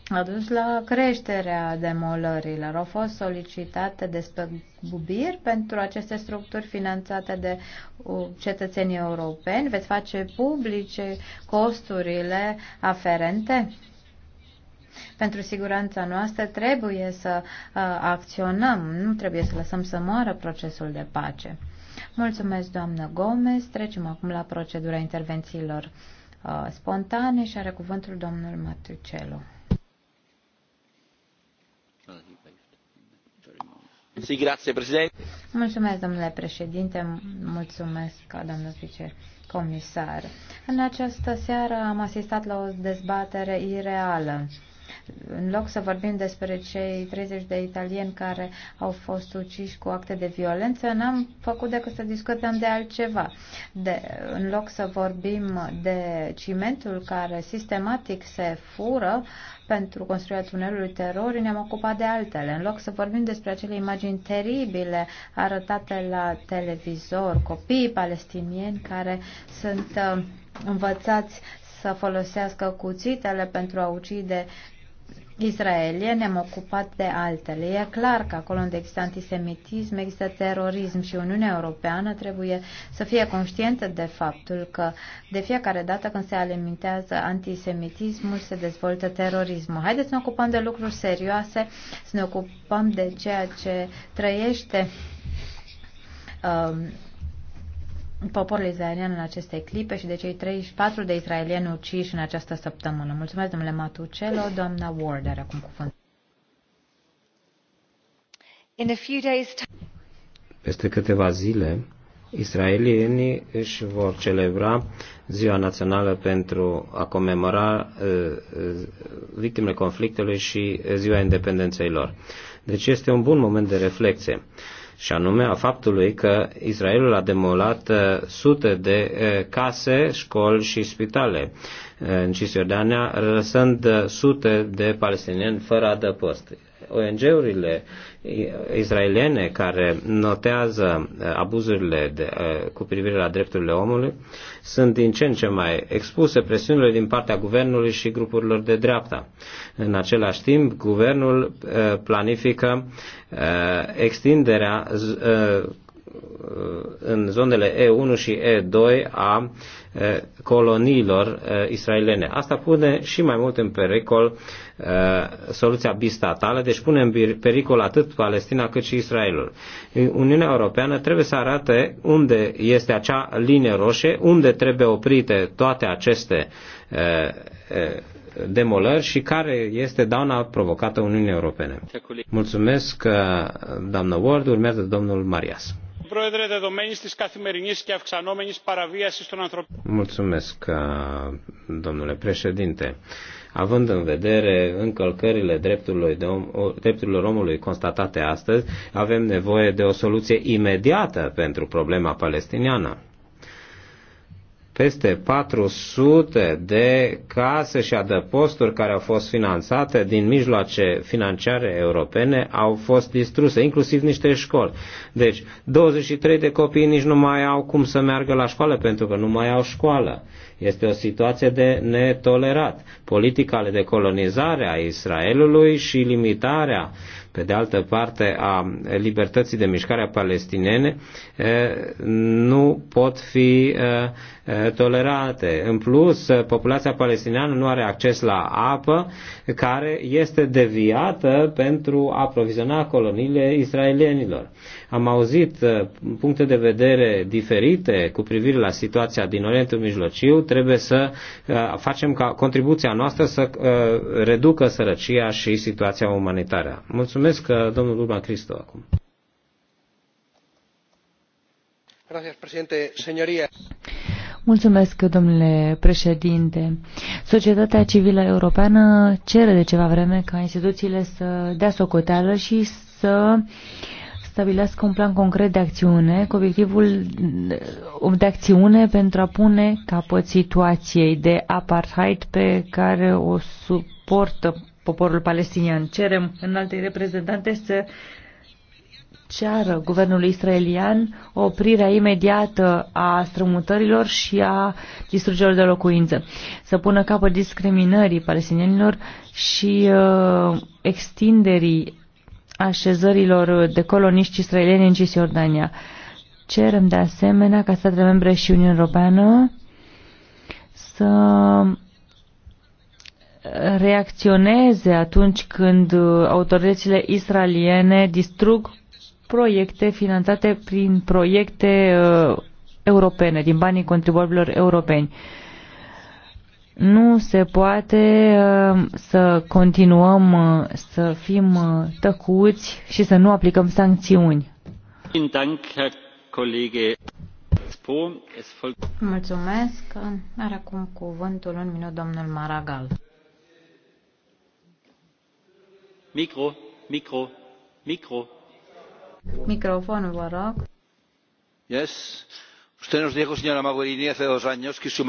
a dus la creșterea demolărilor. Au fost solicitate despăgubiri pentru aceste structuri finanțate de uh, cetățenii europeni. Veți face publice costurile aferente? pentru siguranța noastră, trebuie să uh, acționăm, nu trebuie să lăsăm să moară procesul de pace. Mulțumesc, doamnă Gomez. Trecem acum la procedura intervențiilor uh, spontane și are cuvântul domnul Matucelo. Sí, grazie, Mulțumesc, domnule președinte, mulțumesc, doamnă vicecomisar. În această seară am asistat la o dezbatere ireală în loc să vorbim despre cei 30 de italieni care au fost uciși cu acte de violență, n-am făcut decât să discutăm de altceva. De, în loc să vorbim de cimentul care sistematic se fură pentru construirea tunelului terorii, ne-am ocupat de altele. În loc să vorbim despre acele imagini teribile arătate la televizor, copiii palestinieni care sunt uh, învățați să folosească cuțitele pentru a ucide israelieni, ne-am ocupat de altele. E clar că acolo unde există antisemitism, există terorism și Uniunea Europeană trebuie să fie conștientă de faptul că de fiecare dată când se alimentează antisemitismul, se dezvoltă terorismul. Haideți să ne ocupăm de lucruri serioase, să ne ocupăm de ceea ce trăiește um, poporul israelian în aceste clipe și de cei 34 de israelieni uciși în această săptămână. Mulțumesc, domnule Matucelo. Doamna Ward are acum cuvânt. In a few days Peste câteva zile, israelienii își vor celebra Ziua Națională pentru a comemora uh, uh victimele conflictului și uh, Ziua Independenței lor. Deci este un bun moment de reflexie. Uh, și anume a faptului că Israelul a demolat uh, sute de uh, case, școli și spitale uh, în Cisjordania, lăsând sute de palestinieni fără adăpost. ONG-urile israeliene care notează uh, abuzurile de, uh, cu privire la drepturile omului sunt din ce în ce mai expuse presiunilor din partea guvernului și grupurilor de dreapta. În același timp, guvernul uh, planifică extinderea în zonele E1 și E2 a Eh, coloniilor eh, israelene. Asta pune și mai mult în pericol eh, soluția bistatală, deci pune în pericol atât Palestina cât și Israelul. Uniunea Europeană trebuie să arate unde este acea linie roșie, unde trebuie oprite toate aceste demolări și care este dauna provocată Uniunii Europene. Mulțumesc, doamnă Ward, urmează domnul Marias. Mulțumesc, uh, domnule președinte. Având în vedere încălcările drepturilor, de om, drepturilor omului constatate astăzi, avem nevoie de o soluție imediată pentru problema palestiniană peste 400 de case și adăposturi care au fost finanțate din mijloace financiare europene au fost distruse, inclusiv niște școli. Deci 23 de copii nici nu mai au cum să meargă la școală pentru că nu mai au școală. Este o situație de netolerat. Politicale de colonizare a Israelului și limitarea pe de altă parte a libertății de mișcare a palestinene eh, nu pot fi eh, tolerate. În plus, populația palestiniană nu are acces la apă, care este deviată pentru a aproviziona coloniile israelienilor. Am auzit uh, puncte de vedere diferite cu privire la situația din Orientul Mijlociu. Trebuie să uh, facem ca contribuția noastră să uh, reducă sărăcia și situația umanitară. Mulțumesc, domnul Urban Cristo, acum. Gracias, presidente. Señorías. Mulțumesc, domnule președinte. Societatea civilă europeană cere de ceva vreme ca instituțiile să dea socoteală și să stabilească un plan concret de acțiune cu obiectivul de acțiune pentru a pune capăt situației de apartheid pe care o suportă poporul palestinian. Cerem în alte reprezentante să ceară guvernului israelian oprirea imediată a strămutărilor și a distrugerilor de locuințe, să pună capăt discriminării palestinienilor și uh, extinderii așezărilor de coloniști israelieni în Cisjordania. Cerem de asemenea ca statele membre și Uniunea Europeană să reacționeze atunci când autoritățile israeliene distrug proiecte finanțate prin proiecte uh, europene, din banii contribuabilor europeni. Nu se poate uh, să continuăm uh, să fim uh, tăcuți și să nu aplicăm sancțiuni. Mulțumesc. Are acum cuvântul un minut domnul Maragal. Micro, micro, micro. Microfonul, vă rog. Yes. Usted nos dijo, señora Maguirini, hace dos años que su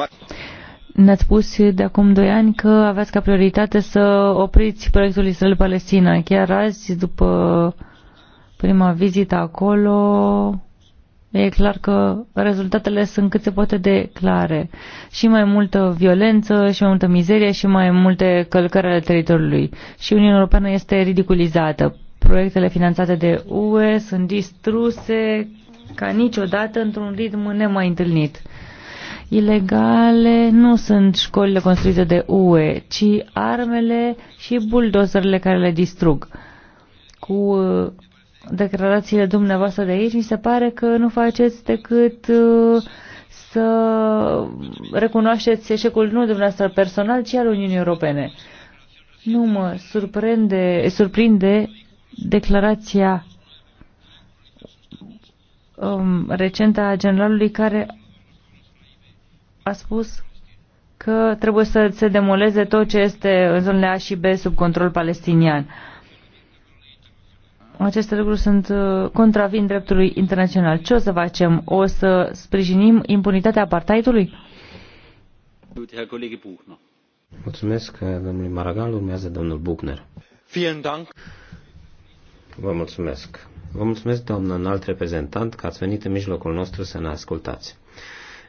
ne-ați spus de acum doi ani că aveți ca prioritate să opriți proiectul Israel-Palestina. Chiar azi, după prima vizită acolo, e clar că rezultatele sunt cât se poate de clare. Și mai multă violență, și mai multă mizerie, și mai multe călcări ale teritoriului. Și Uniunea Europeană este ridiculizată. Proiectele finanțate de UE sunt distruse ca niciodată într-un ritm nemai întâlnit. Ilegale nu sunt școlile construite de UE, ci armele și buldozerele care le distrug. Cu uh, declarațiile dumneavoastră de aici, mi se pare că nu faceți decât uh, să recunoașteți eșecul nu dumneavoastră personal, ci al Uniunii Europene. Nu mă surprinde, surprinde declarația um, recentă a generalului care a spus că trebuie să se demoleze tot ce este în zonele A și B sub control palestinian. Aceste lucruri sunt uh, contravin dreptului internațional. Ce o să facem? O să sprijinim impunitatea apartheidului? Mulțumesc, domnului Maragal. Urmează domnul Buchner. Vielen Dank. Vă mulțumesc. Vă mulțumesc, doamnă înalt reprezentant, că ați venit în mijlocul nostru să ne ascultați.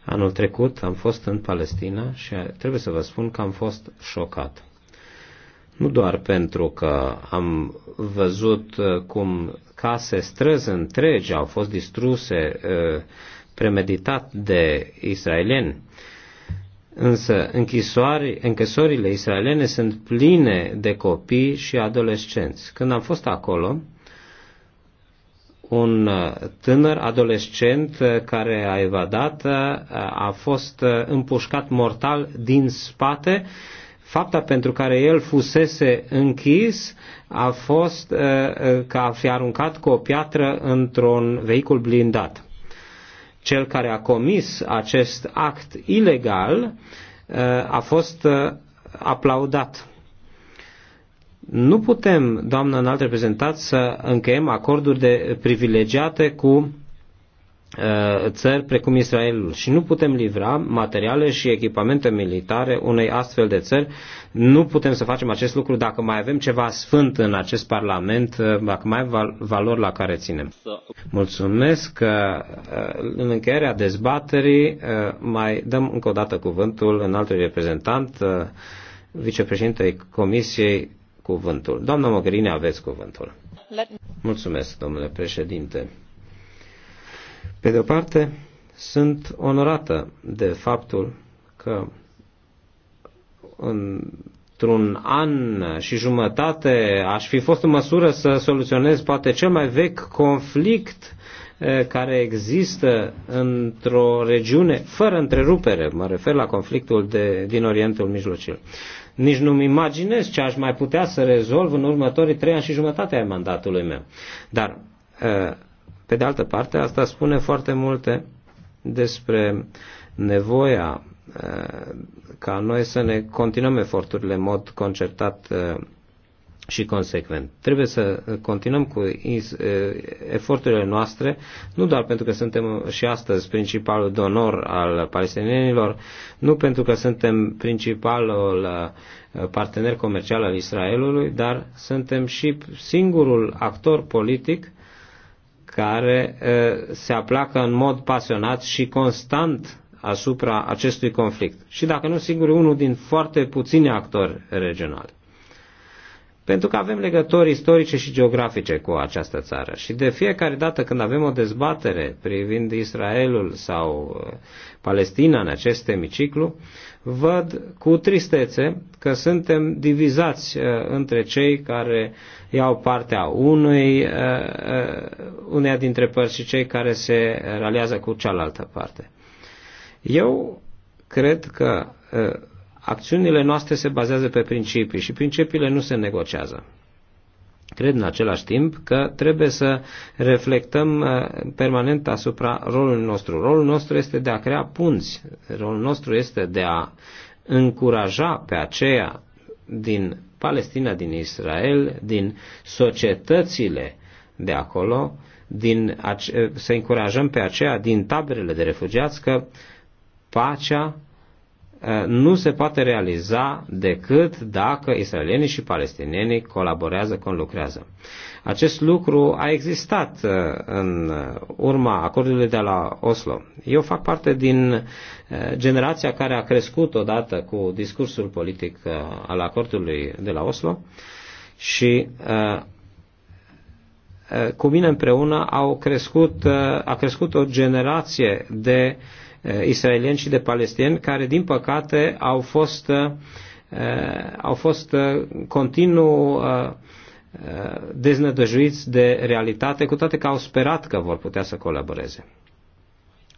Anul trecut am fost în Palestina și trebuie să vă spun că am fost șocat. Nu doar pentru că am văzut uh, cum case, străzi întregi au fost distruse uh, premeditat de israelieni, însă închisorile israeliene sunt pline de copii și adolescenți. Când am fost acolo, un uh, tânăr adolescent uh, care a evadat uh, a fost împușcat mortal din spate. Fapta pentru care el fusese închis a fost că a fi aruncat cu o piatră într-un vehicul blindat. Cel care a comis acest act ilegal a fost aplaudat nu putem, doamnă înalt reprezentat, să încheiem acorduri de privilegiate cu uh, țări precum Israelul și nu putem livra materiale și echipamente militare unei astfel de țări. Nu putem să facem acest lucru dacă mai avem ceva sfânt în acest Parlament, uh, dacă mai avem valori la care ținem. Mulțumesc că uh, în încheierea dezbaterii mai dăm încă o dată cuvântul în altul reprezentant, vicepreședintei Comisiei cuvântul. Doamna Mogherini, aveți cuvântul. Mulțumesc, domnule președinte. Pe de o parte, sunt onorată de faptul că într-un an și jumătate aș fi fost în măsură să soluționez poate cel mai vechi conflict care există într-o regiune fără întrerupere, mă refer la conflictul de, din Orientul Mijlociu. Nici nu-mi imaginez ce aș mai putea să rezolv în următorii trei ani și jumătate ai mandatului meu. Dar, ă, pe de altă parte, asta spune foarte multe despre nevoia ă, ca noi să ne continuăm eforturile în mod concertat ă, și consecvent. Trebuie să uh, continuăm cu uh, eforturile noastre, nu doar pentru că suntem uh, și astăzi principalul donor al palestinienilor, nu pentru că suntem principalul partener comercial al Israelului, dar suntem și singurul actor politic care se aplacă în mod pasionat și constant asupra acestui conflict. Și dacă nu, sigur, unul din foarte puțini actori regionali pentru că avem legături istorice și geografice cu această țară. Și de fiecare dată când avem o dezbatere privind Israelul sau uh, Palestina în acest semiciclu, văd cu tristețe că suntem divizați uh, între cei care iau partea unui, uh, uh uneia dintre părți și cei care se ralează cu cealaltă parte. Eu cred că uh, Acțiunile noastre se bazează pe principii și principiile nu se negociază. Cred în același timp că trebuie să reflectăm uh, permanent asupra rolului nostru. Rolul nostru este de a crea punți, rolul nostru este de a încuraja pe aceea din Palestina, din Israel, din societățile de acolo, din, să încurajăm pe aceea din taberele de refugiați că pacea nu se poate realiza decât dacă israelienii și palestinienii colaborează, conlucrează. Acest lucru a existat în urma acordului de la Oslo. Eu fac parte din generația care a crescut odată cu discursul politic al acordului de la Oslo și cu mine împreună au crescut, a crescut o generație de uh, Eh, israelieni și de palestinieni, care, din păcate, au fost, eh, au fost eh, continuu deznădăjuiți de realitate, cu toate că au sperat că vor putea să colaboreze.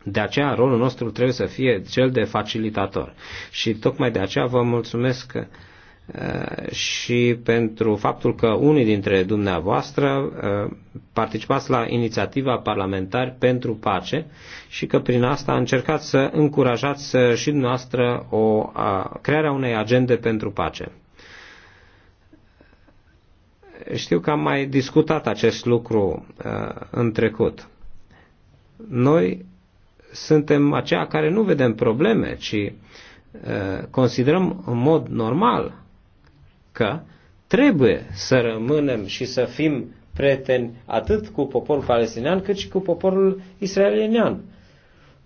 De aceea rolul nostru trebuie să fie cel de facilitator. Și tocmai de aceea vă mulțumesc Eh, și pentru faptul că unii dintre dumneavoastră eh, participați la inițiativa Parlamentari pentru Pace și că prin asta încercați să încurajați eh, și dumneavoastră o, a, crearea unei agende pentru pace. Știu că am mai discutat acest lucru a, în trecut. Noi suntem aceia care nu vedem probleme, ci a, considerăm în mod normal că trebuie să rămânem și să fim prieteni atât cu poporul palestinian cât și cu poporul israelian.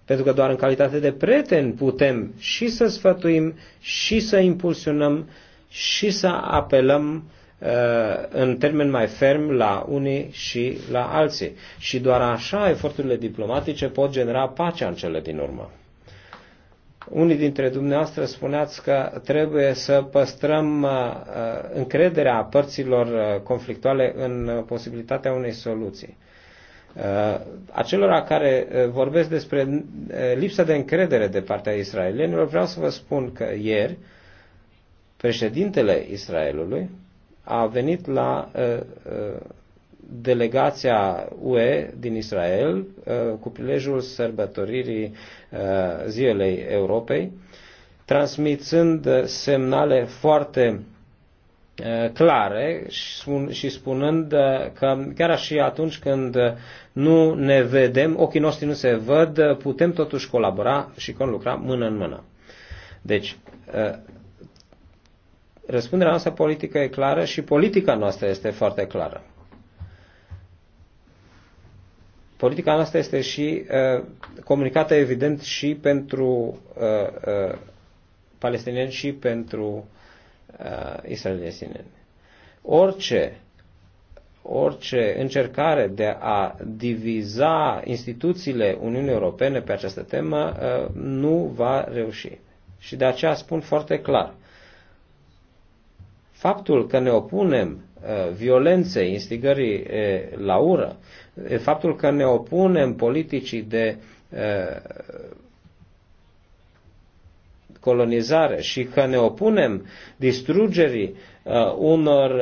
Pentru că doar în calitate de prieteni putem și să sfătuim, și să impulsionăm, și să apelăm uh, în termen mai ferm la unii și la alții. Și doar așa eforturile diplomatice pot genera pacea în cele din urmă. Unii dintre dumneavoastră spuneați că trebuie să păstrăm uh, uh, încrederea părților uh, conflictuale în posibilitatea unei soluții. Acelora care vorbesc despre lipsa de încredere de partea israelienilor, vreau să vă spun că ieri președintele Israelului a venit la delegația UE din Israel uh, cu prilejul sărbătoririi uh, Zilei Europei, transmițând uh, semnale foarte clare și, și spunând că chiar și atunci când nu ne vedem, ochii noștri nu se văd, putem totuși colabora și conlucra mână în mână. Deci, răspunderea noastră politică e clară și politica noastră este foarte clară. politica noastră este și uh, comunicată, evident, și pentru uh, uh, palestinieni și pentru uh, israelieni. Orice, orice încercare de a diviza instituțiile Uniunii Europene pe această temă uh, nu va reuși. Și de aceea spun foarte clar. Faptul că ne opunem uh, violenței, instigării uh, la ură, faptul că ne opunem politicii de colonizare și că ne opunem distrugerii unor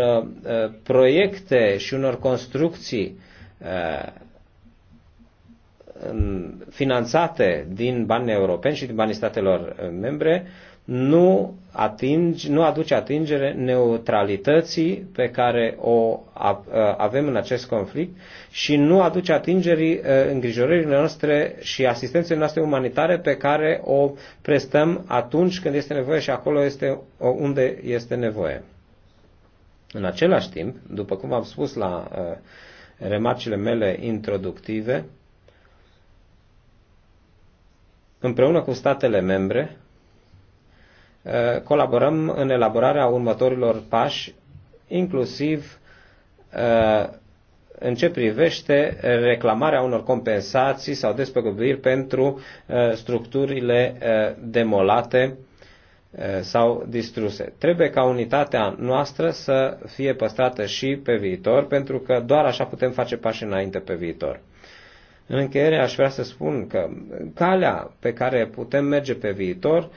proiecte și unor construcții finanțate din banii europeni și din banii statelor membre, nu, atingi, nu aduce atingere neutralității pe care o avem în acest conflict și nu aduce atingerii uh, îngrijorările noastre și asistenței noastre umanitare pe care o prestăm atunci când este nevoie și acolo este unde este nevoie. În același timp, după cum am spus la uh, remarcile mele introductive, împreună cu statele membre, Eh, colaborăm în elaborarea următorilor pași, inclusiv eh, în ce privește reclamarea unor compensații sau despăgubiri pentru eh, structurile demolate sau distruse. Trebuie ca unitatea noastră să fie păstrată și pe viitor, pentru că doar așa putem face pași înainte pe viitor. În încheiere aș vrea să spun că calea pe care putem merge pe viitor uh,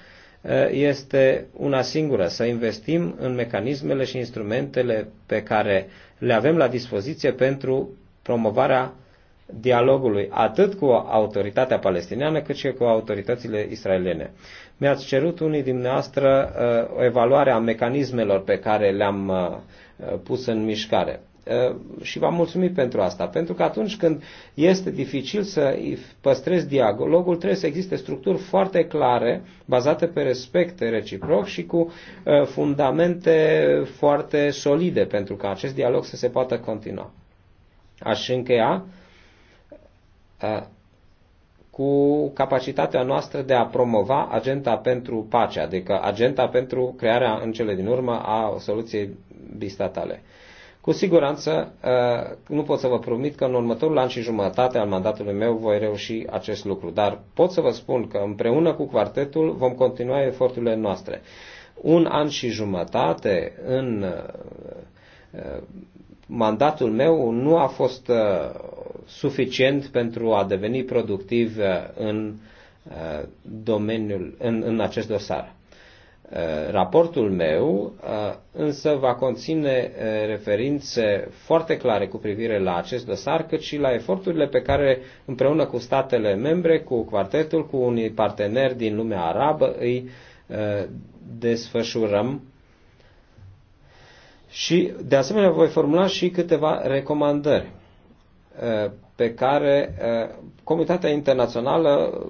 Eh, este una singură, să investim în mecanismele și instrumentele pe care le avem la dispoziție pentru promovarea dialogului atât cu autoritatea palestiniană cât și cu autoritățile israeliene. Mi-ați cerut unii dumneavoastră eh, o evaluare a mecanismelor pe care le-am eh, pus în mișcare. Uh, și v-am mulțumit pentru asta, pentru că atunci când este dificil să păstrezi dialogul, trebuie să existe structuri foarte clare, bazate pe respect reciproc și cu uh, fundamente foarte solide pentru ca acest dialog să se poată continua. Aș încheia uh, cu capacitatea noastră de a promova agenda pentru pace, adică agenda pentru crearea în cele din urmă a soluției bistatale. Cu siguranță uh, nu pot să vă promit că în următorul an și jumătate al mandatului meu voi reuși acest lucru, dar pot să vă spun că împreună cu quartetul vom continua eforturile noastre. Un an și jumătate în uh, uh, mandatul meu nu a fost suficient pentru a deveni productiv în domeniul, în, în acest dosar. Eh, raportul meu eh, însă va conține eh, referințe foarte clare cu privire la acest dosar, cât și la eforturile pe care împreună cu statele membre, cu quartetul, cu unii parteneri din lumea arabă îi desfășurăm. Și de asemenea voi formula și câteva recomandări pe care comunitatea internațională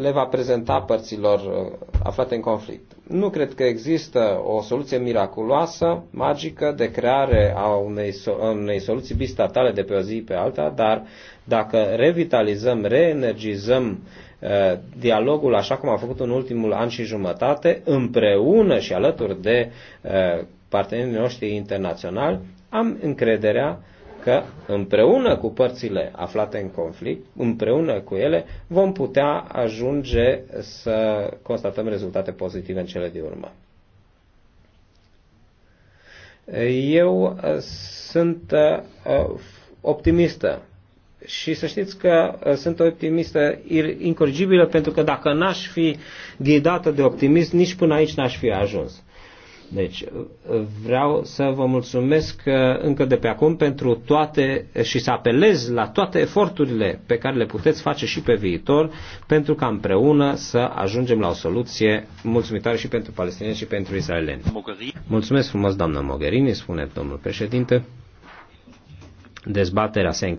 le va prezenta părților uh, aflate în conflict. Nu cred că există o soluție miraculoasă, magică, de creare a unei, unei soluții bistatale de pe o zi pe alta, dar dacă revitalizăm, reenergizăm uh, dialogul așa cum a făcut în ultimul an și jumătate, împreună și alături de uh, partenerii noștri internaționali, am încrederea că împreună cu părțile aflate în conflict, împreună cu ele, vom putea ajunge să constatăm rezultate pozitive în cele din urmă. Eu uh, sunt uh, optimistă și să știți că uh, sunt optimistă incorrigibilă pentru că dacă n-aș fi ghidată de optimism, nici până aici n-aș fi ajuns. Deci vreau să vă mulțumesc uh, încă de pe acum pentru toate uh, și să apelez la toate eforturile pe care le puteți face și pe viitor pentru ca împreună să ajungem la o soluție mulțumitoare și pentru palestinieni și pentru israeleni. Mulțumesc frumos, doamnă Mogherini, spune domnul președinte. Dezbaterea se